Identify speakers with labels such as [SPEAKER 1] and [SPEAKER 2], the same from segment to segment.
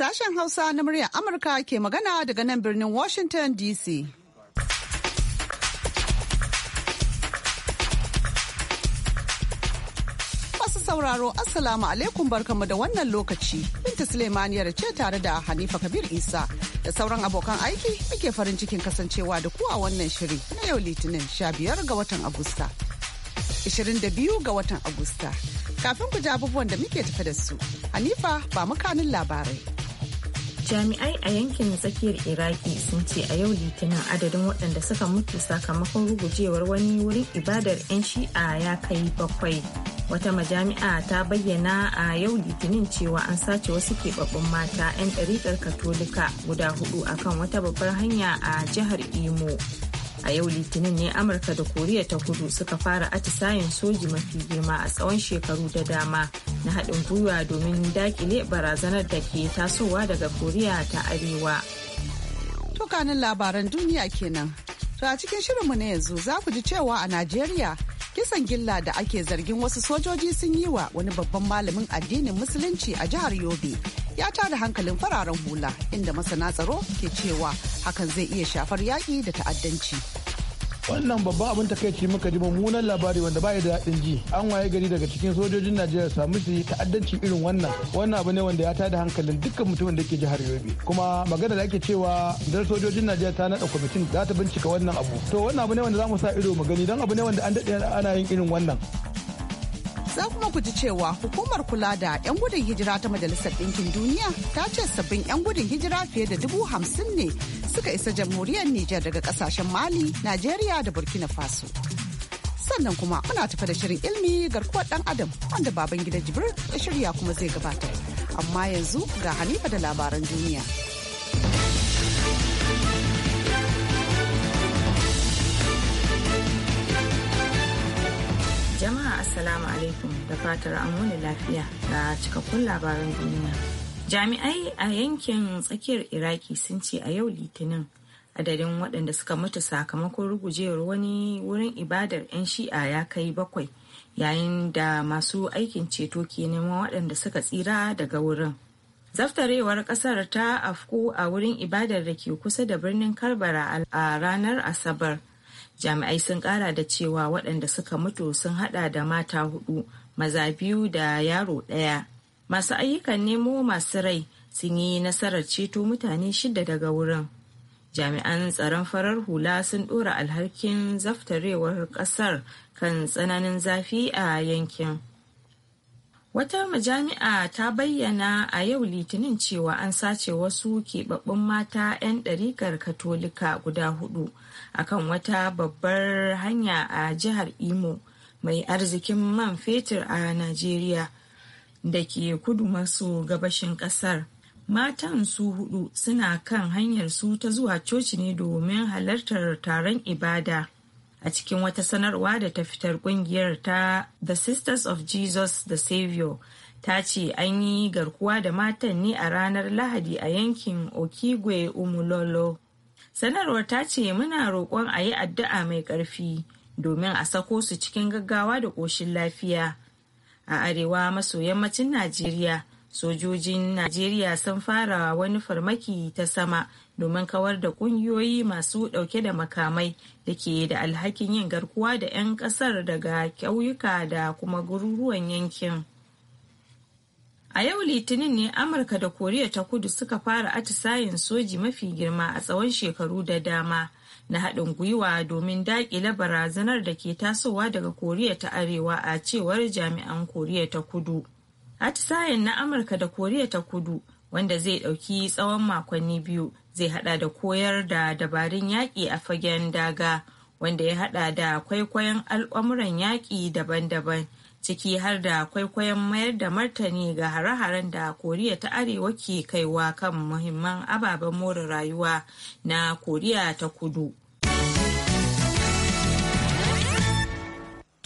[SPEAKER 1] Sashen Hausa na muryar Amurka ke magana daga nan birnin Washington DC. Wasu sauraro Assalamu alaikum barkamu da wannan lokaci. Binta Suleimaniyar ce tare da Hanifa Kabir Isa da sauran abokan aiki muke farin cikin kasancewa da ku a wannan shiri na yau Litinin 15 ga watan Agusta. 22 ga watan Agusta. Kafin ku ji abubuwan da muke tafe da
[SPEAKER 2] su, Hanifa ba kanin labarai. jami'ai a yankin tsakiyar iraki sun ce a yau litinin adadin waɗanda suka mutu sakamakon rugujewar wani wurin ibadar 'yan shi'a ya kai bakwai wata majami'a ta bayyana a yau litinin cewa an sace wasu keɓaɓɓun mata 'yan ɗariƙar katolika guda hudu akan wata babbar hanya a jihar imo a yau litinin ne amurka da koriya ta kudu suka fara atisayen soji mafi girma a tsawon shekaru da dama na haɗin gwiwa domin dakile barazanar da ke tasowa daga koriya ta arewa
[SPEAKER 1] tukanin labaran duniya kenan to a cikin shirinmu na yanzu za ku ji cewa a najeriya kisan gilla da ake zargin wasu sojoji sun yi wa wani babban malamin addinin musulunci a jihar yobe ya tada hankalin fararen hula inda masana tsaro ke cewa hakan zai iya shafar yaƙi da ta'addanci
[SPEAKER 3] wannan babban abin takaici muka ji mummunan labari wanda ba da daɗin ji an waye gari daga cikin sojojin najeriya samu su yi ta'addanci irin wannan wannan abu ne wanda ya tada hankalin dukkan mutumin da ke jihar yobe kuma magana da ake cewa dar sojojin najeriya ta naɗa kwamitin za ta bincika wannan abu to wannan abu ne wanda za mu sa ido mu gani don abu ne wanda an daɗe ana yin irin wannan
[SPEAKER 1] za kuma ku ji cewa hukumar kula da 'yan gudun hijira ta majalisar ɗinkin duniya ta ce sabbin 'yan gudun hijira fiye da dubu hamsin ne suka isa jamhuriyar Nijar daga kasashen Mali, Najeriya da Burkina Faso. Sannan kuma muna tafi da shirin ilmi garkuwar dan adam wanda baban gida Jibril ya shirya kuma zai gabata Amma yanzu ga Hanifa da labaran duniya.
[SPEAKER 2] Jama'a Assalamu alaikum da fatar an wani lafiya ga cikakkun labaran duniya. jami'ai a yankin tsakiyar iraki sun ce a yau litinin adadin waɗanda suka mutu sakamakon rugujewar wani wurin ibadar 'yan shi'a ya kai bakwai yayin da masu aikin ceto ke neman waɗanda suka tsira daga wurin zaftarewar ƙasar ta afku a wurin ibadar da ke kusa da birnin karbara a ranar asabar jami'ai sun ƙara da cewa waɗanda suka mutu sun haɗa da mata hudu maza biyu da yaro ɗaya masu ayyukan nemo masu rai sun yi nasarar ceto mutane shida daga wurin jami'an tsaron farar hula sun dora alhakin zaftarewar kasar kan tsananin zafi a yankin wata majami'a ta bayyana a yau litinin cewa an sace wasu keɓaɓɓun mata 'yan ɗarikar katolika guda hudu akan wata babbar hanya a jihar imo mai arzikin man fetur a najeriya da ke kudu maso gabashin kasar matan su hudu suna kan hanyar su ta zuwa coci ne domin halartar taron ibada a cikin wata sanarwa da ta fitar kungiyar ta the sisters of jesus the savior ta ce an yi garkuwa da matan ne a ranar lahadi a yankin okigwe umulolo sanarwar ta ce muna roƙon a yi addu'a mai ƙarfi domin a sako su cikin gaggawa da ƙoshin lafiya a arewa maso yammacin najeriya sojojin najeriya sun fara wani farmaki ta sama domin kawar da kungiyoyi masu dauke da makamai da ke da alhakin yin garkuwa da 'yan kasar daga kyauyuka da kuma garuruwan yankin a yau litinin ne amurka da koriya ta kudu suka fara atisayin soji mafi girma a tsawon shekaru da dama na haɗin gwiwa domin daƙile barazanar da ke tasowa daga koriya ta arewa a cewar jami'an koriya ta kudu atisayen na amurka da koriya ta kudu wanda zai ɗauki tsawon makonni biyu zai haɗa da koyar da dabarun yaƙi a fagen daga wanda ya haɗa da kwaikwayon al'amuran yaƙi daban-daban ciki har da kwaikwayon mayar da martani ga hare-haren da koriya ta arewa ke kaiwa kan muhimman ababen more rayuwa na koriya ta kudu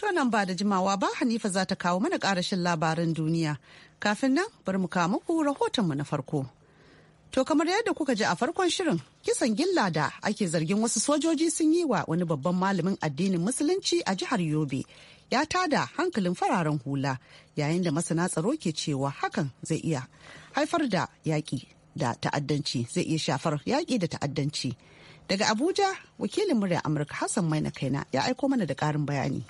[SPEAKER 1] To nan ba da jimawa ba Hanifa za ta kawo mana karashin labaran duniya. Kafin nan bari mu kawo muku rahotonmu na farko. To kamar yadda kuka ji a farkon shirin kisan gilla da ake zargin wasu sojoji sun yi wa wani babban malamin addinin musulunci a jihar Yobe ya tada hankalin fararen hula yayin da masana tsaro ke cewa hakan zai iya haifar da yaƙi da ta'addanci zai iya shafar yaƙi da ta'addanci. Daga Abuja wakilin murya Amurka Hassan Maina Kaina ya aiko mana da ƙarin bayani.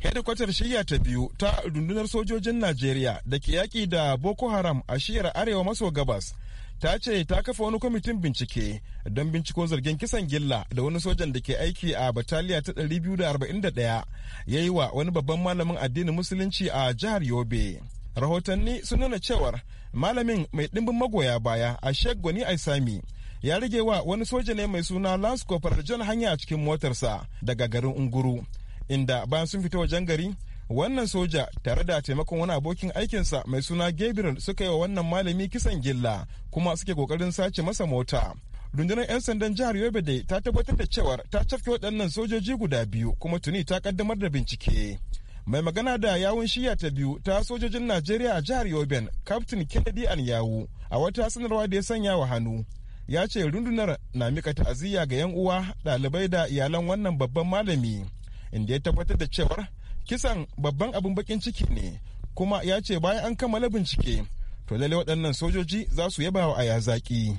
[SPEAKER 4] hedikwatar shiya ta biyu ta rundunar sojojin najeriya da ke yaƙi da boko haram a shiyar arewa maso gabas ta ce ta kafa wani kwamitin bincike don binciko zargin kisan gilla da wani sojan da ke aiki a bataliya ta 241 ya yi wa wani babban malamin addinin musulunci a jihar yobe rahotanni sun nuna cewar malamin mai ɗimbin magoya baya a gwani aisami ya rage wa wani soja ne mai suna lance corporal john hanya a cikin motarsa daga garin unguru inda bayan sun fita wajen gari wannan soja tare da taimakon wani abokin aikinsa mai suna gabriel suka yi wa wannan malami kisan gilla kuma suke kokarin sace masa mota rundunar 'yan sandan jihar yobe dai ta tabbatar da cewar ta cafke waɗannan sojoji guda biyu kuma tuni ta kaddamar da bincike mai magana da yawun shiya ta biyu ta sojojin najeriya a jihar yobe captain kennedy an yawu a wata sanarwa da ya sanya wa hannu ya ce rundunar na mika ta'aziyya ga 'yan uwa ɗalibai da iyalan wannan babban malami inda ya tabbatar da cewar kisan babban abin bakin ciki ne kuma ya ce bayan an kammala bincike to lalle waɗannan sojoji za su yaba wa aya zaki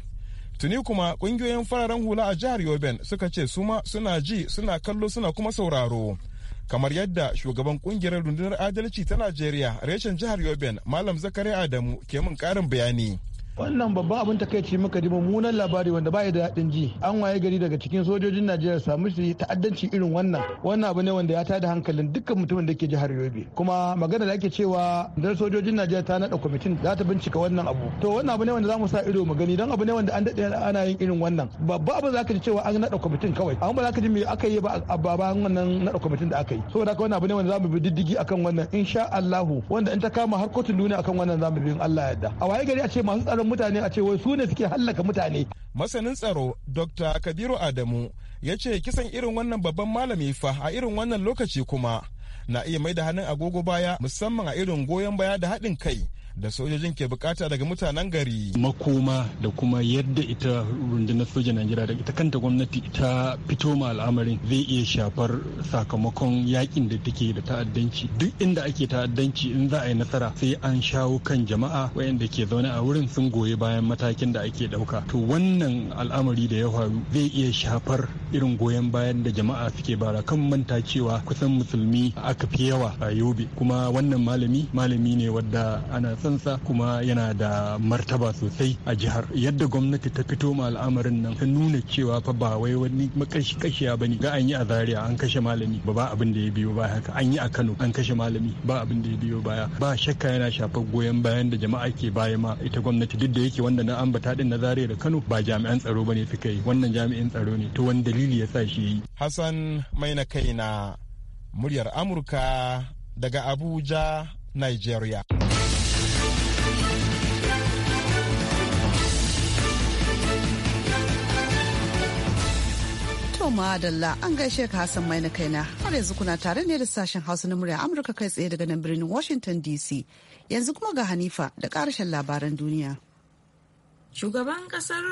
[SPEAKER 4] tuni kuma ƙungiyoyin fararen hula a jihar yoben suka ce su ma suna ji suna kallo suna kuma sauraro kamar yadda shugaban ƙungiyar rundunar adalci ta najeriya reshen jihar yoben malam zakari adamu ke min ƙarin bayani
[SPEAKER 3] wannan babban abin takaici muka ji mummunan labari wanda bai da daɗin ji an waye gari daga cikin sojojin najeriya samu su ta'addanci irin wannan wannan abu ne wanda ya tada hankalin dukkan mutumin da ke jihar yobe kuma magana da ake cewa dan sojojin najeriya ta naɗa kwamitin za ta bincika wannan abu to wannan abu ne wanda za mu sa ido mu gani dan abu ne wanda an daɗe ana yin irin wannan babba abin zaka ji cewa an naɗa kwamitin kawai amma ba zaka ji me aka yi ba a baban wannan naɗa kwamitin da aka yi saboda haka wannan abu ne wanda za mu bi diddigi akan wannan insha Allahu wanda in ta kama har kotun duniya akan wannan zamu bi in Allah yarda a waye gari a ce masu tsaron mutane a ce wai su ne suke hallaka mutane
[SPEAKER 4] masanin tsaro dr kabiru adamu ya ce kisan irin wannan babban malami fa a irin wannan lokaci kuma na iya mai da hannun agogo baya musamman a irin goyon baya da haɗin kai da sojojin ke bukata daga mutanen gari.
[SPEAKER 5] Makoma da kuma yadda ita rundunar sojan Najeriya da ita kanta gwamnati ta fito ma al'amarin zai iya shafar sakamakon yakin da take da ta'addanci. Duk inda ake ta'addanci in za a yi nasara sai an shawo kan jama'a wayanda ke zaune a wurin sun goyi bayan matakin da ake dauka. To wannan al'amari da ya faru zai iya shafar irin goyon bayan da jama'a suke bara kan manta cewa kusan musulmi aka fi yawa a yobe kuma wannan malami malami ne wadda ana kasansa kuma yana da martaba sosai a jihar yadda gwamnati ta fito ma al'amarin nan ta nuna cewa fa ba wai wani makashi kashiya bane ga an yi a zaria an kashe malami ba ba abin da ya biyo baya haka an yi a kano an kashe malami ba abin da ya biyo baya ba shakka yana shafar goyon bayan da jama'a ke baya ma ita gwamnati duk da yake wanda na ambata din na zaria da kano ba jami'an tsaro bane suka yi wannan jami'in tsaro ne to wani dalili ya sa shi yi hassan mai na kai na
[SPEAKER 4] muryar amurka daga abuja nigeria
[SPEAKER 1] madalla an gaishe ka Hassan mai na kaina har yanzu kuna tare ne da sashen Hausa na murya Amurka kai tsaye daga nan birnin Washington DC. Yanzu kuma ga Hanifa da karshen labaran duniya.
[SPEAKER 2] Shugaban kasar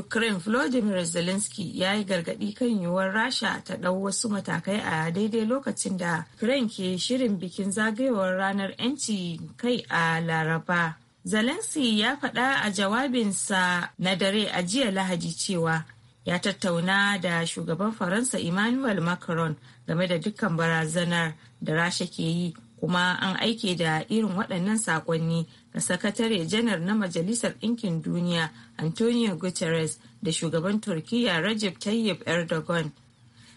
[SPEAKER 2] Ukraine Volodymyr Zelensky ya yi gargadi kan yiwuwar Rasha ta ɗau wasu matakai a daidai lokacin da Ukraine ke shirin bikin zagayowar ranar 'yanci kai a Laraba. Zelensky ya faɗa a jawabinsa na dare a jiya Lahadi cewa ya tattauna da shugaban faransa emmanuel macron game da dukkan barazanar da rasha ke yi kuma an aike da irin waɗannan saƙonni ga sakatare janar na majalisar ɗinkin duniya antonio guterres da shugaban turkiyya rajab tayyip erdogan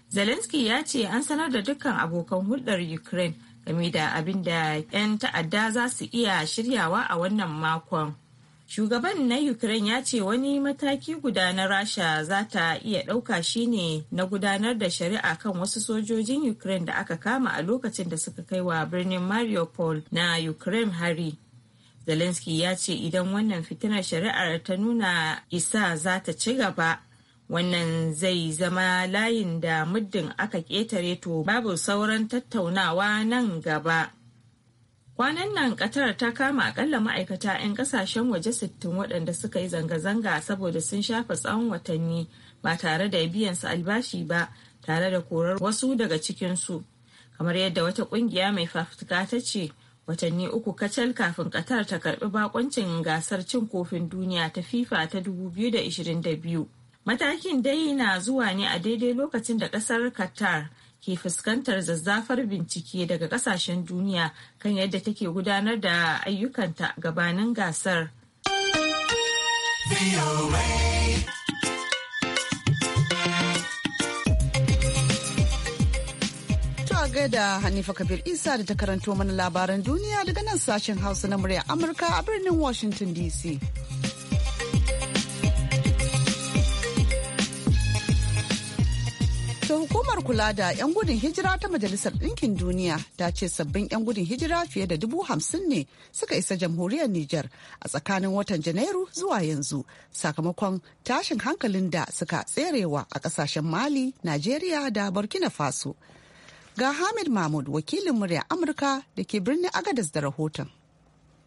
[SPEAKER 2] zelensky ya ce an sanar da dukkan abokan hulɗar ukraine game da abin da 'yan ta'adda za su iya shiryawa a wannan makon Shugaban na Ukraine ya ce wani mataki guda na Rasha za ta iya ɗauka shine na gudanar da shari'a kan wasu sojojin Ukraine da aka kama a lokacin da suka kai wa birnin Mariupol na Ukraine hari. Zelensky ya ce idan wannan fitinar shari'ar ta nuna isa za ta ci gaba wannan zai zama layin da muddin aka ƙetare to babu sauran tattaunawa nan gaba. Kwanan nan katar ta kama akalla ma'aikata 'yan kasashen waje 60 waɗanda suka yi zanga-zanga saboda sun shafa tsawon watanni ba tare da biyan su albashi ba tare da korar wasu daga cikinsu. Kamar yadda wata ƙungiya mai fafutuka ta ce watanni uku kacal kafin katar ta karbi bakoncin gasar cin kofin duniya ta FIFA ta 2022. Matakin dai na zuwa ne a daidai lokacin da ƙasar Qatar ke fuskantar zazzafar bincike daga kasashen duniya kan yadda take gudanar da ayyukanta gabanin gasar.
[SPEAKER 1] da Hanifa Kabir Isa da ta karanto mana labaran duniya daga nan sashen Hausa na murya Amurka a birnin Washington DC. To hukumar kula da 'yan gudun hijira ta Majalisar Ɗinkin Duniya ta ce sabbin 'yan gudun hijira fiye da dubu hamsin ne suka isa jamhuriyar Nijar a tsakanin watan Janairu zuwa yanzu sakamakon tashin hankalin da suka tserewa a ƙasashen Mali, Najeriya da Burkina Faso. Ga Hamid Mahmud wakilin murya Amurka da ke birnin Agadas da rahoton.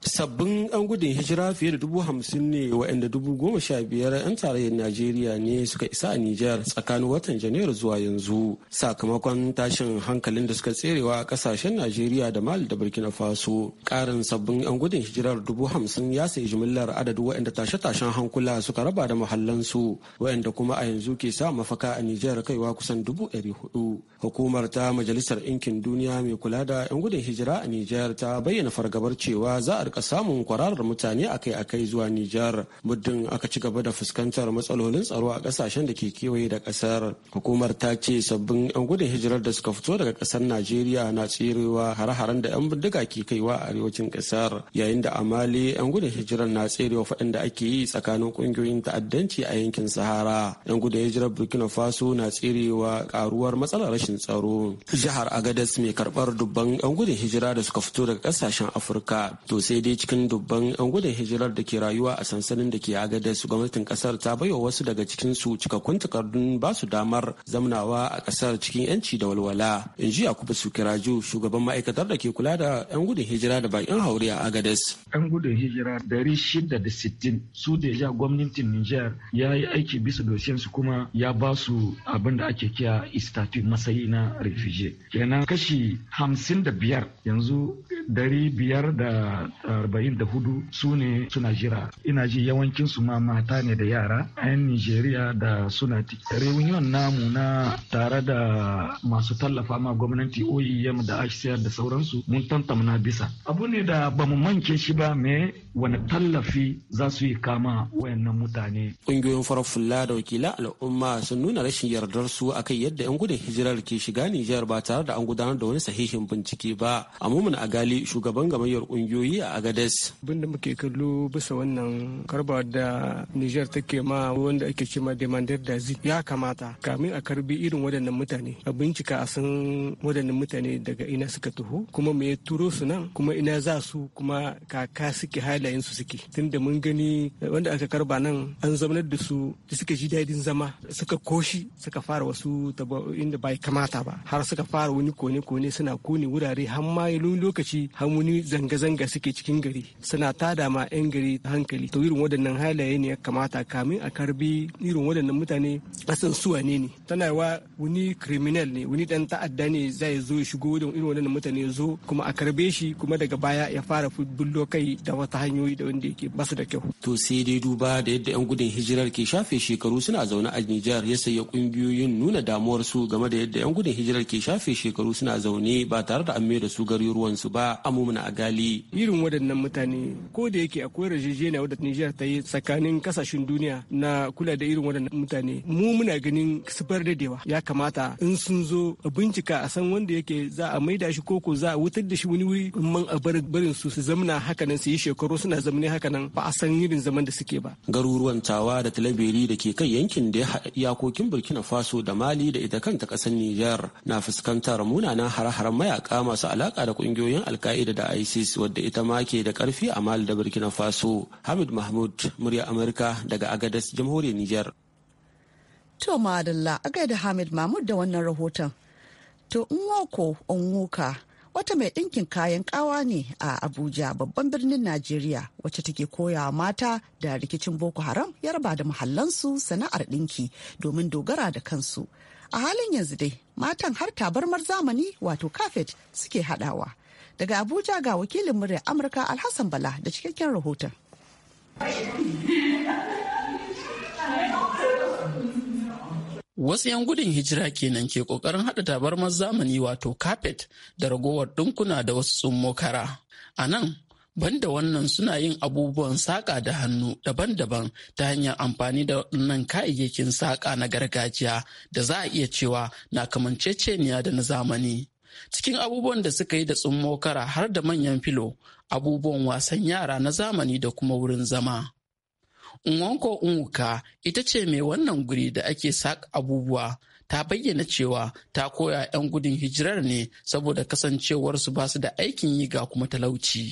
[SPEAKER 6] sabbin 'yan gudun hijira fiye da dubu hamsin ne waɗanda dubu goma sha biyar 'yan tarayyar najeriya ne suka isa a nijar tsakanin watan janairu zuwa yanzu sakamakon tashin hankalin da suka tserewa a kasashen najeriya da mali da burkina faso Karin sabbin 'yan gudun hijirar dubu hamsin ya sayi jimillar adadu waɗanda tashe-tashen hankula suka raba da muhallansu waɗanda kuma a yanzu ke sa mafaka a nijar kaiwa kusan dubu ɗari hudu hukumar ta majalisar ɗinkin duniya mai kula da 'yan gudun hijira a nijar ta bayyana fargabar cewa za a rika samun kwararar mutane akai-akai zuwa Nijar muddin aka ci gaba da fuskantar matsalolin tsaro a kasashen da ke kewaye da kasar. Hukumar ta ce sabbin 'yan gudun hijirar da suka fito daga kasar Najeriya na tserewa hare-haren da 'yan bindiga ke kaiwa a arewacin kasar yayin da amali 'yan gudun hijirar na tserewa faɗin da ake yi tsakanin ƙungiyoyin ta'addanci a yankin Sahara. 'Yan gudun hijirar Burkina Faso na tserewa karuwar matsalar rashin tsaro. Jihar Agadez mai karɓar dubban 'yan gudun hijira da suka fito daga kasashen Afirka to sai sai dai cikin dubban 'yan gudun hijirar da ke rayuwa a sansanin da ke agadez gwamnatin kasar ta baiwa wasu daga cikin su cikakkun takardun ba su damar zamnawa a kasar cikin 'yanci da walwala in ji yakubu sukiraju shugaban ma'aikatar da ke kula da 'yan gudun hijira da bakin haure a agadez
[SPEAKER 7] 'yan gudun hijira
[SPEAKER 3] dari shida da sittin su da ja gwamnatin Nijar ya yi aiki bisa su kuma ya ba su abin da ake kiya istatu masayi na refugee kenan kashi hamsin da biyar yanzu dari biyar da 44 da hudu su ne suna jira ina ji yawancin su ma mata ne da yara 'yan nigeria da suna reunion namu na tare da masu tallafa ma gwamnati oem da hcr da sauransu mun tantamna bisa abu ne da ba mu manke shi ba me wani tallafi za su yi kama wayannan mutane
[SPEAKER 6] ƙungiyoyin farar fulla da wakilan al'umma sun nuna rashin yardar su akan yadda 'yan gudun hijirar ke shiga nijar ba tare da an gudanar da wani sahihin bincike ba a a agali shugaban gamayyar ƙungiyoyi a a Agades.
[SPEAKER 7] Abin da muke kallo bisa wannan karba da Niger take ma wanda ake cema demander da zik ya kamata kamin a karbi irin waɗannan mutane a bincika a san waɗannan mutane daga ina suka taho kuma me ya turo su nan kuma ina za su kuma kaka suke halayen su suke tunda mun gani wanda aka karba nan an zaunar da su da suka ji daɗin zama suka koshi suka fara wasu inda bai kamata ba har suka fara wani kone-kone suna kone wurare har ma lokaci har wani zanga-zanga suke ciki cikin gari suna tada ma 'yan gari hankali to irin waɗannan halaye ne ya kamata kamin a karbi irin waɗannan mutane kasan su wane ne tana wa wani criminal ne wani dan ta'adda ne zai zo ya shigo wajen irin waɗannan mutane zo kuma a karbe shi kuma daga baya ya fara bullo kai da wata hanyoyi da wanda yake basu da kyau to sai dai
[SPEAKER 6] duba da yadda 'yan gudun hijirar ke shafe shekaru suna zaune a Nijar ya sayi kungiyoyin nuna damuwarsu game da yadda 'yan gudun hijirar ke shafe shekaru suna zaune ba tare da an da su garuruwansu ba amumuna a gali
[SPEAKER 7] irin nan mutane ko da yake akwai rajejeniya wadda Nijar ta yi tsakanin kasashen duniya na kula da irin waɗannan mutane mu muna ganin sifar dadewa ya kamata in sun zo a bincika a san wanda yake za a maida shi koko za a wutar da shi wani wuri in man a bar barin su su zamna hakanan su yi shekaru suna zamne hakanan ba a san irin zaman da suke ba
[SPEAKER 6] garuruwan tawa da talabiri da ke kan yankin da ya haɗa iyakokin burkina faso da mali da ita kanta ƙasar nijar na fuskantar munanan hare-haren mayaka masu alaka da ƙungiyoyin alka'ida da isis wadda ita ma ke da karfi a mali da burkina faso hamid mahmud murya amurka daga agadas jamhuriyar niger
[SPEAKER 1] to madalla da hamid mahmud da wannan rahoton to nwoko onwuka wata mai ɗinkin kayan kawa ne a abuja babban birnin najeriya wacce take koya mata da rikicin boko haram ya raba da muhallansu sana'ar ɗinki domin dogara da kansu a halin yanzu dai matan har tabarmar zamani wato kafet suke haɗawa. Daga Abuja ga wakilin murya Amurka Alhassan Bala da cikakken rahoton.
[SPEAKER 8] Wasu 'yan gudun hijira kenan ke kokarin haɗa tabarmar zamani wato carpet da ragowar ɗinkuna da wasu tsummokara. A nan, banda wannan suna yin abubuwan saƙa da hannu daban-daban ta hanyar amfani da waɗannan kayayyakin saƙa na gargajiya da za a iya cewa na kamanceceniya da na zamani. cikin abubuwan da suka yi da tsummo kara har da manyan filo abubuwan wasan yara na zamani da kuma wurin zama Nwanko Nwuka ita ce mai wannan guri da ake sak abubuwa ta bayyana cewa ta koya 'yan gudun hijirar ne saboda kasancewarsu ba su da aikin yi ga kuma talauci.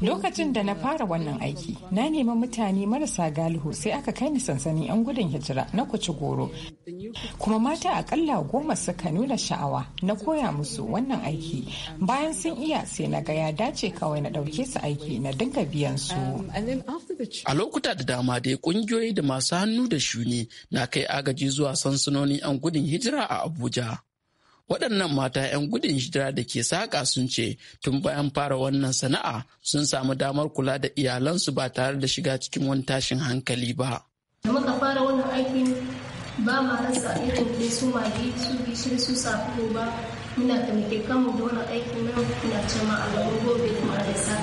[SPEAKER 2] Lokacin da na fara wannan aiki, na nemi mutane marasa galihu sai aka kai ni sansanin 'yan gudun hijira na kuci goro. Kuma mata akalla goma suka nuna sha'awa na koya musu wannan aiki. Bayan sun iya sai na gaya dace kawai na ɗauke su aiki na dinga biyan su. Um, a
[SPEAKER 8] lokuta da dama dai kungiyoyi da masu hannu da shuni na kai agaji zuwa sansanonin 'yan gudun hijira a Abuja. waɗannan mata 'yan gudun hijira da ke saƙa sun ce tun bayan fara wannan sana'a sun samu damar kula da iyalansu ba tare da shiga cikin wani tashin hankali ba.
[SPEAKER 9] da muka fara wannan aikin ba ma rasa irin da su magi su gishiri su safu ba muna taimake kanmu da wannan aikin nan muna cema a gaban gobe da marasa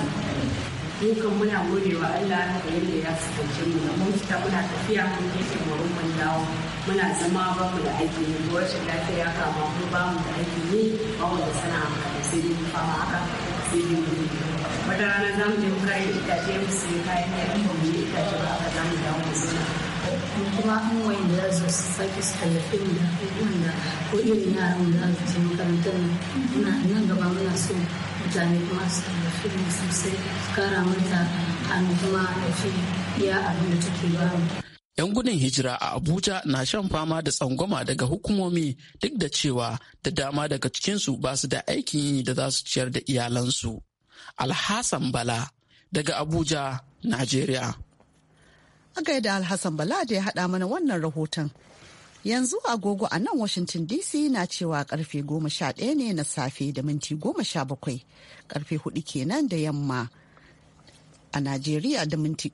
[SPEAKER 1] dukan muna godewa Allah da yadda ya sukance mu da mun fita muna tafiya mun je tabarin mun dawo muna zama ba mu da aiki ne ko rashin lafiya ya kama mu ba mu da aiki ne ba mu da sana'a kada sai dai mu fama haka sai dai mu wata rana za mu je mu kayan itace mu sai
[SPEAKER 9] kayan yaɗi mu yi itace ba haka za mu dawo mu sana'a kuma an wayan da za su sake su tallafin da wanda ko irin yaran da za su ne makarantar nan gaba muna so mutane kuma su tallafi da sosai su kara mata hannu kuma da shi ya abin da take ba mu.
[SPEAKER 8] 'Yan gudun hijira a Abuja na shan fama da tsangwama daga hukumomi duk da cewa da dama daga cikinsu ba su da aikin yi da za su ciyar da iyalansu. Alhassan Bala daga Abuja, Najeriya.
[SPEAKER 1] a gaida Alhassan Bala da ya haɗa mana wannan rahoton. Yanzu agogo a nan Washington DC na cewa karfe goma sha ne na safe da minti goma sha bakwai karfe hudu kenan da yamma a Najeriya da minti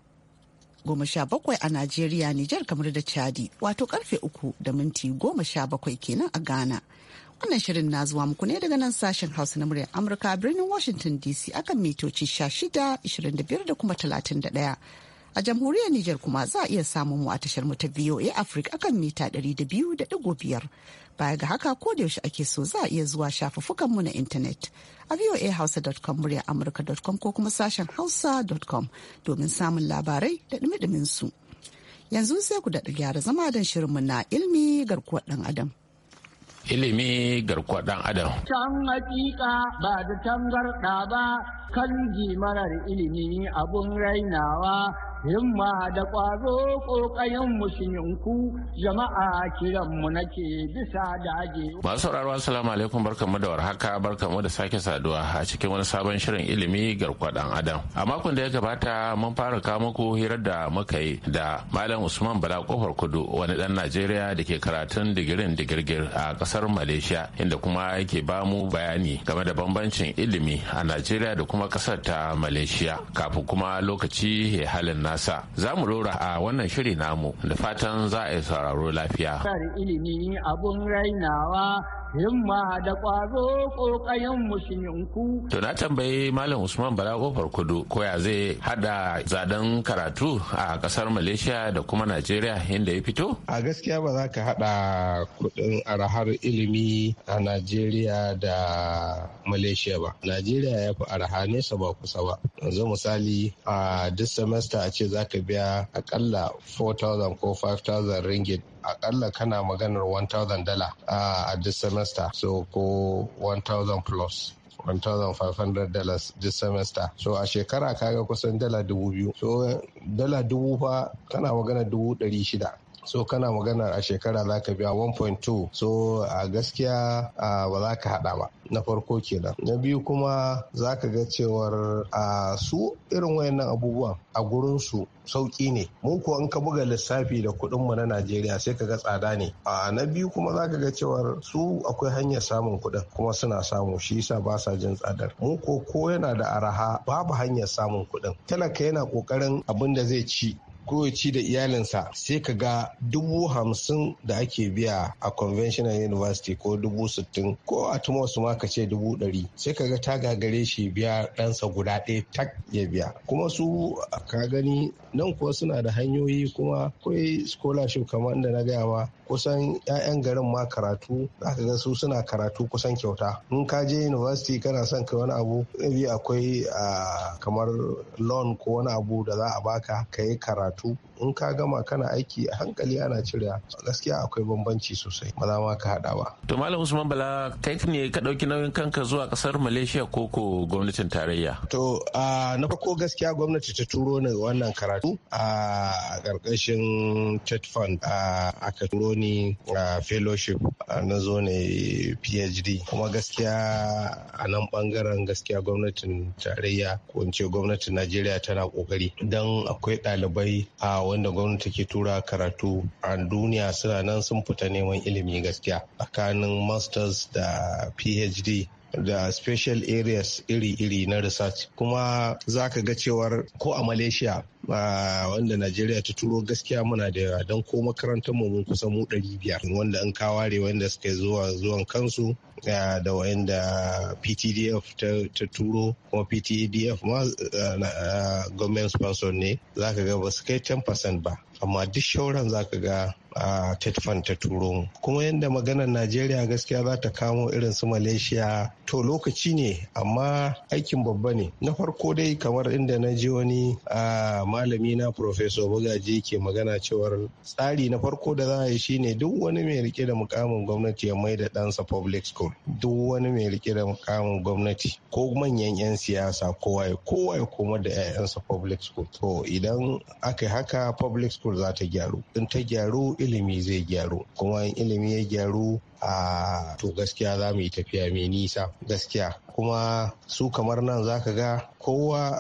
[SPEAKER 1] goma sha bakwai a Najeriya Nijar kamar da Chadi wato karfe uku da minti goma sha bakwai kenan a Ghana. Wannan shirin na zuwa muku ne daga nan sashen Hausa na muryar Amurka birnin Washington DC akan mitoci 16, 25 da kuma 31. A jamhuriyar Nijar kuma za a iya samun mu a tashar mu ta VOA Africa akan mita 200.5. Baya ga haka ko da yaushe ake so za a iya zuwa shafuffukan mu na intanet a voahausa.com murya amurka.com ko kuma sashen hausa.com domin samun labarai da dumi su. Yanzu sai ku daɗa gyara zama don mu na ilmi garkuwar ɗan adam.
[SPEAKER 10] ilimi garkuwa ɗan adam.
[SPEAKER 7] Can hakika
[SPEAKER 8] ba da tangarɗa ba kan marar ilimi abun rainawa himma da ƙwazo ƙoƙayen musulminku jama'a
[SPEAKER 5] kiranmu nake bisa daji.
[SPEAKER 10] Masu sauraro assalamu alaikum barkamu da warhaka barkamu da sake saduwa a cikin wani sabon shirin ilimi garkuwa dan adam. A makon da ya gabata mun fara kawo muku hirar da muka yi da Malam Usman Bala Kofar Kudu wani dan Najeriya da ke karatun digirin digirgir a ƙasar Malaysia inda kuma yake ba mu bayani game da bambancin ilimi a Najeriya da kuma kasar ta Malaysia kafin kuma lokaci ya halin na nasa za mu lura a wannan shiri namu da fatan za a yi sauraro lafiya
[SPEAKER 8] ilimi abun rainawa himma da ƙwazo ƙayan musulminku.
[SPEAKER 10] To na tambayi Malam Usman Bala Kofar Kudu ko ya zai hada zaɗen karatu a ƙasar Malaysia da kuma Najeriya inda ya fito?
[SPEAKER 11] A gaskiya ba za ka hada kuɗin arahar ilimi a Najeriya da Malaysia ba. Najeriya ya fi araha nesa ba kusa ba. Yanzu misali a duk semester a ce za ka biya akalla 4,000 ko 5,000 ringgit akalla kana maganar 1000 dala a duk semester so ko 1000 plus 1,500 dollars this semester so a shekara kaga kusan dala dubu biyu so dala dubu fa kana magana dubu ɗari shida so kana magana a shekara za ka biya 1.2 so a gaskiya ba za ka hada ba na farko kenan na biyu kuma za ka ga cewar a su irin wayannan abubuwan a gurinsu sauƙi ne mu ko in ka buga lissafi da kuɗinmu na najeriya sai ka ga tsada ne a na biyu kuma za ka ga cewar su akwai hanyar samun kuɗin kuma suna samu shi yasa ba sa jin tsadar mu ko ko yana da araha babu hanyar samun kuɗin talaka yana ƙoƙarin abin da zai ci koyaci da iyalinsa sai ka ga dubu hamsin da ake biya a conventional university ko dubu sittin ko a tumosu ma ka ce dubu ɗari sai ka ga ta gagare shi biya ɗansa guda ɗaya tak ya biya kuma su ka gani nan kuwa suna da hanyoyi kuma akwai scholarship kamar da na gaya ma kusan 'ya'yan garin ma karatu za ka ga su suna karatu kusan kyauta in ka je university kana son kai wani abu akwai ah, kamar loan ko wani abu da za a baka ka yi karatu karatu in ka gama kana aiki a hankali ana cirewa gaskiya akwai bambanci sosai ba za ma ka hada ba
[SPEAKER 10] to malam usman bala kai ne ka dauki nauyin kanka zuwa kasar malaysia ko ko gwamnatin tarayya
[SPEAKER 11] to na farko gaskiya gwamnati ta turo ni wannan karatu a karkashin chat fund aka turo ni fellowship na zo ne phd kuma gaskiya a nan bangaren gaskiya gwamnatin tarayya ko in ce gwamnatin najeriya tana kokari don akwai ɗalibai a wanda gwamnati ke tura karatu a duniya suna nan sun fita neman ilimi gaskiya tsakanin masters da phd da special areas iri-iri na research kuma za ka ga cewar ko a malaysia wanda najeriya ta turo gaskiya muna da yawa, don ko makarantar mu mun kusa mu 500 wanda an kaware wanda suka zuwa zuwan kansu da wayanda ptdf ta turo kuma ptdf ma government sponsor ne za ka ga ba su kai 10% ba amma duk shauran za ka ga a tetfan ta turo kuma yadda maganar najeriya gaskiya za ta kamo irin su malaysia to lokaci ne amma aikin babba ne na farko dai kamar inda na ji wani malami na professor bugaji ke magana cewar tsari na farko da za a yi shine duk wani mai rike da mukamin gwamnati ya mai da ɗansa public school duk wani mai rike da mukamin gwamnati ko manyan 'yan siyasa kowa ya kowa ya koma da 'ya'yansa public school to idan aka haka public school za ta gyaru in ta gyaru ilimi zai gyaru kuma in ilimi ya gyaru a to gaskiya za mu yi tafiya mai nisa gaskiya kuma su kamar nan za ka ga kowa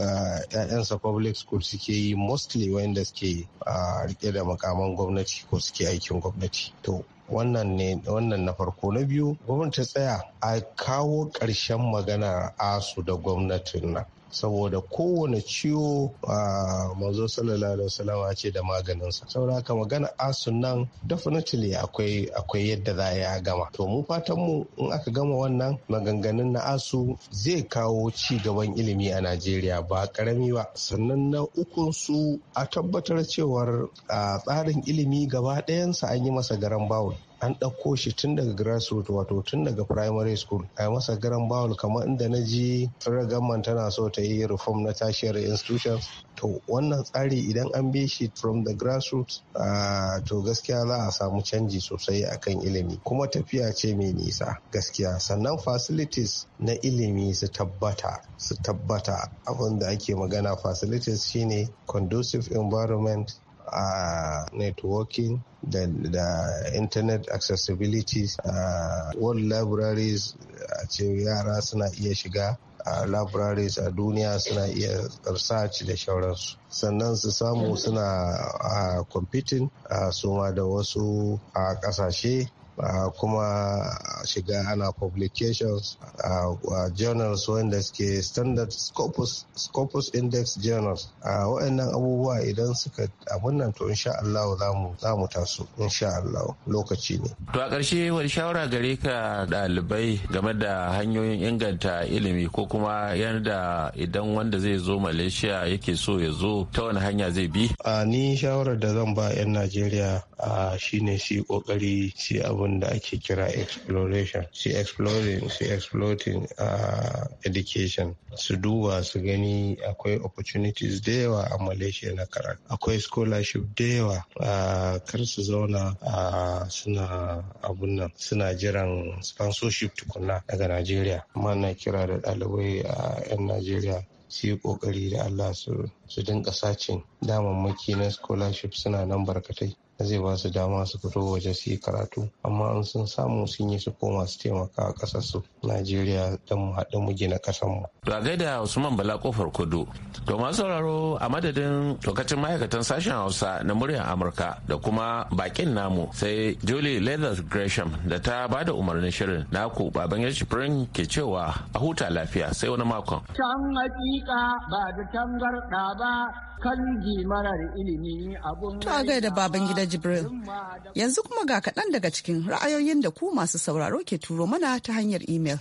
[SPEAKER 11] a ‘ya'yansa public school suke yi mostly wanda suke rike da makaman gwamnati ko suke aikin gwamnati to wannan ne wannan na farko na biyu gwamnati ta tsaya a kawo ƙarshen maganar asu da gwamnatin nan saboda kowane ciwo a manzo sallallahu alaihi wasallam ce da maganinsa saboda haka magana asun nan definitely akwai akwai yadda za a gama to mu fatan mu in aka gama wannan maganganun na asu zai kawo ci gaban ilimi a Najeriya ba karami ba sannan na ukun su a tabbatar cewar a tsarin ilimi gaba ɗayansa an yi masa garan bawul an ɗauko shi tun daga grassroots wato tun daga primary school a masa garan bawul kamar inda na ji federal tana so ta yi reform na tashiyar institutions to wannan tsari idan an bi shi from the grassroots uh, to gaskiya za a samu canji sosai akan ilimi kuma tafiya ce mai nisa gaskiya sannan facilities na ilimi su tabbata su tabbata abin da ake magana facilities shine conducive environment a networking da, da internet accessibility a world libraries a ce yara suna iya shiga a libraries a duniya suna iya research da shauransu sannan su samu suna a competing a suma da wasu a kasashe kuma shiga ana publications a journals wanda suke standard scopus, scopus index journals a waannan abubuwa idan suka abunan to insha Allah za mu taso insha Allah lokaci ne.
[SPEAKER 10] To a ƙarshe wani shawara gare ka ɗalibai game da hanyoyin inganta ilimi ko kuma yadda idan wanda zai zo Malaysia yake so ya zo
[SPEAKER 11] ta wani hanya zai bi? A ni shawarar da zan ba 'yan Najeriya shine shi kokari shi abin da ake kira exploration shi exploring shi exploiting education su duba su gani akwai opportunities da yawa a malaysia na karatu akwai scholarship da yawa kar su zauna a suna abun nan suna jiran sponsorship tukuna daga najeriya amma na kira da ɗalibai a 'yan najeriya su yi kokari da Allah su dinka sacin damammaki na scholarship suna nan barkatai da zai ba su dama su fito waje su yi karatu amma an sun samu sun yi su koma su taimaka a kasar su najeriya don mu haɗu mu gina ƙasar mu.
[SPEAKER 10] to a gaida usman bala kofar kudu to masu sauraro a madadin lokacin ma'aikatan sashen hausa na muryar amurka da kuma bakin namu sai julie leathers gresham da ta ba da umarnin shirin naku baban ya ke cewa a huta lafiya sai wani makon.
[SPEAKER 8] can hakika ba da tangarɗa ba kangi mana da ilimi abun to a da baban gida jibril yanzu kuma ga
[SPEAKER 1] kaɗan daga cikin ra'ayoyin da ku masu sauraro ke turo mana ta hanyar imel.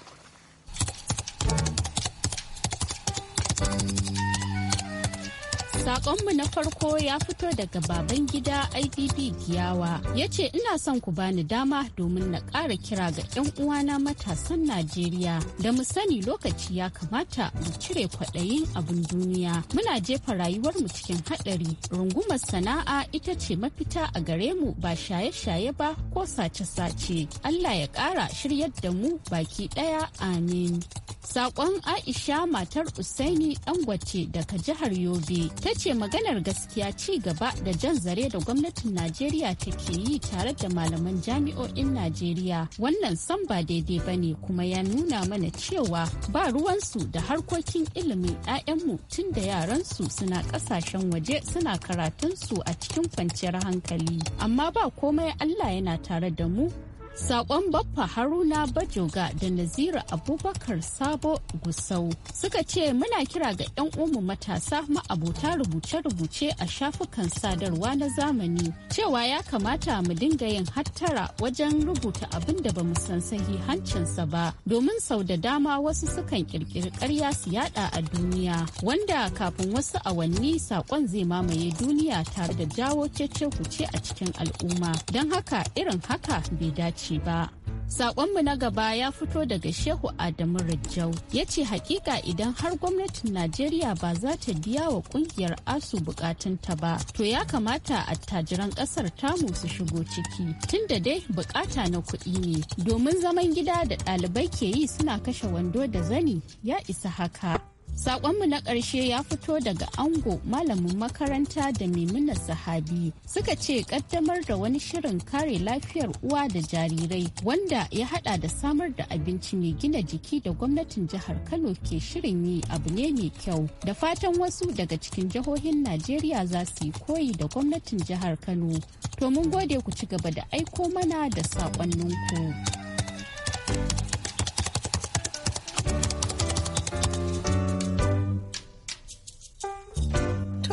[SPEAKER 9] Sakonmu na farko ya fito daga baban gida IDB Giyawa. Ya ce ina son ku bani dama domin na ƙara kira ga 'yan uwana matasan Najeriya da mu sani lokaci ya kamata mu cire kwaɗayin abin duniya. Muna jefa rayuwarmu cikin haɗari. Rungumar sana'a ita ce mafita a gare mu ba shaye-shaye ba ko sace-sace. Allah ya ƙara shiryar da mu baki ɗaya amin. saƙon Aisha matar Usaini Dangote daga jihar Yobe ta ce maganar gaskiya ci gaba da jan zare da gwamnatin najeriya take yi tare da malaman jami'o'in najeriya wannan san ba daidai ba ne kuma ya nuna mana cewa ba ruwansu da harkokin ilimin 'ya'yanmu tun da yaransu suna ƙasashen waje suna karatunsu a cikin kwanciyar hankali amma ba komai allah yana tare da mu Sakon Baffa Haruna Bajoga da Nazira Abubakar Sabo Gusau suka ce muna kira ga 'yan umu matasa ma'abota rubuce-rubuce a shafukan sadarwa na zamani cewa ya kamata mu dinga yin hattara wajen rubuta abin da bamu san hancinsa ba domin sau da dama wasu sukan kirkiri karya su yada a duniya wanda kafin wasu awanni sakon zai mamaye duniya tare da jawo cece ce a cikin al'umma don haka irin haka bai dace adalci ba. Saƙonmu na gaba ya fito daga Shehu Adamu Rajau ya ce haƙiƙa idan har gwamnatin Najeriya ba za ta biya wa ƙungiyar ASU bukatunta ba, to ya kamata attajiran ƙasar tamu su shigo ciki. tun da dai bukata na kuɗi ne, domin zaman gida da ɗalibai ke yi suna kashe wando da zani ya isa haka. Sakonmu na ƙarshe ya fito daga ango malamin makaranta da maimuna sahabi suka ce kaddamar da wani shirin kare lafiyar uwa da jarirai wanda ya hada da samar da abinci mai gina jiki da gwamnatin jihar Kano ke shirin yi abu ne mai kyau. Da fatan wasu daga cikin jihohin Najeriya za su yi koyi da gwamnatin jihar Kano. To mun gode ku ci gaba da aiko mana da saƙonninku.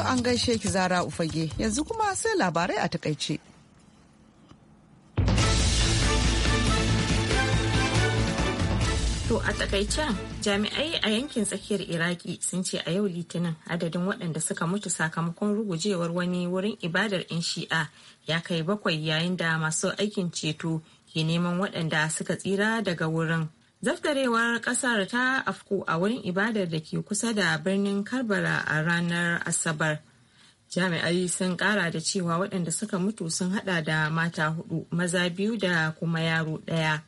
[SPEAKER 9] Ka an
[SPEAKER 1] gaishe ki zara ufage yanzu kuma sai labarai a takaice.
[SPEAKER 2] To a takaice, jami'ai a yankin tsakiyar Iraki sun ce a yau litinin adadin waɗanda suka mutu sakamakon rugujewar wani wurin ibadar 'yan shi'a ya kai bakwai yayin da masu aikin ceto ke neman waɗanda suka tsira daga wurin. Zaftarewar kasar ta afku a wurin ibadar da ke kusa da birnin Karbala a ranar Asabar. Jami'ai sun kara da cewa waɗanda suka mutu sun hada da mata hudu, maza biyu da kuma yaro ɗaya.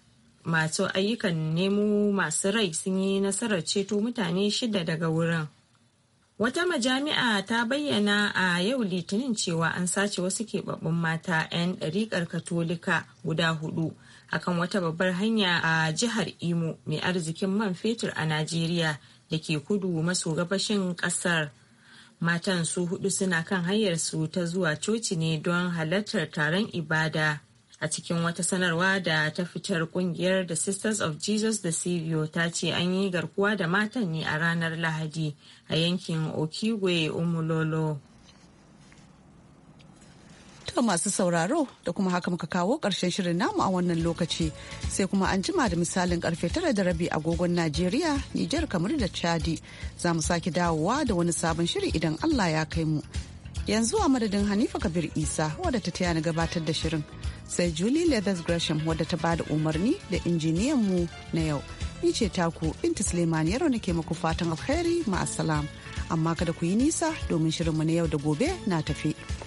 [SPEAKER 2] Masu ayyukan nemo masu rai sun yi nasarar ceto mutane shida daga wurin. Wata majami'a ta bayyana a yau litinin cewa an sace wasu keɓaɓɓun mata 'yan ɗariƙar katolika guda hudu akan wata babbar hanya a jihar Imo mai arzikin man fetur a Najeriya da ke kudu maso gabashin kasar. Matan su hudu suna kan hanyar su ta zuwa coci ne don halartar taron ibada. A cikin wata sanarwa da ta fitar kungiyar The Sisters of Jesus the Saviour ta ce an yi garkuwa da matan ne a ranar Lahadi a yankin Okigwe Umulolo.
[SPEAKER 1] duka masu sauraro da kuma haka muka kawo ƙarshen shirin namu a wannan lokaci sai kuma an jima da misalin karfe tara da rabi agogon Najeriya, Nijar kamar da Chadi za mu sake dawowa da wani sabon shiri idan Allah ya kai mu. Yanzu a madadin Hanifa Kabir Isa wadda ta taya ni gabatar da shirin sai Julie Leathers Gresham wadda ta bada umarni da injiniyan mu na yau. Ni ce taku Binta Suleiman Yaro nake maku fatan alheri ma'asalam amma kada ku yi nisa domin shirin mu na yau da gobe na tafi.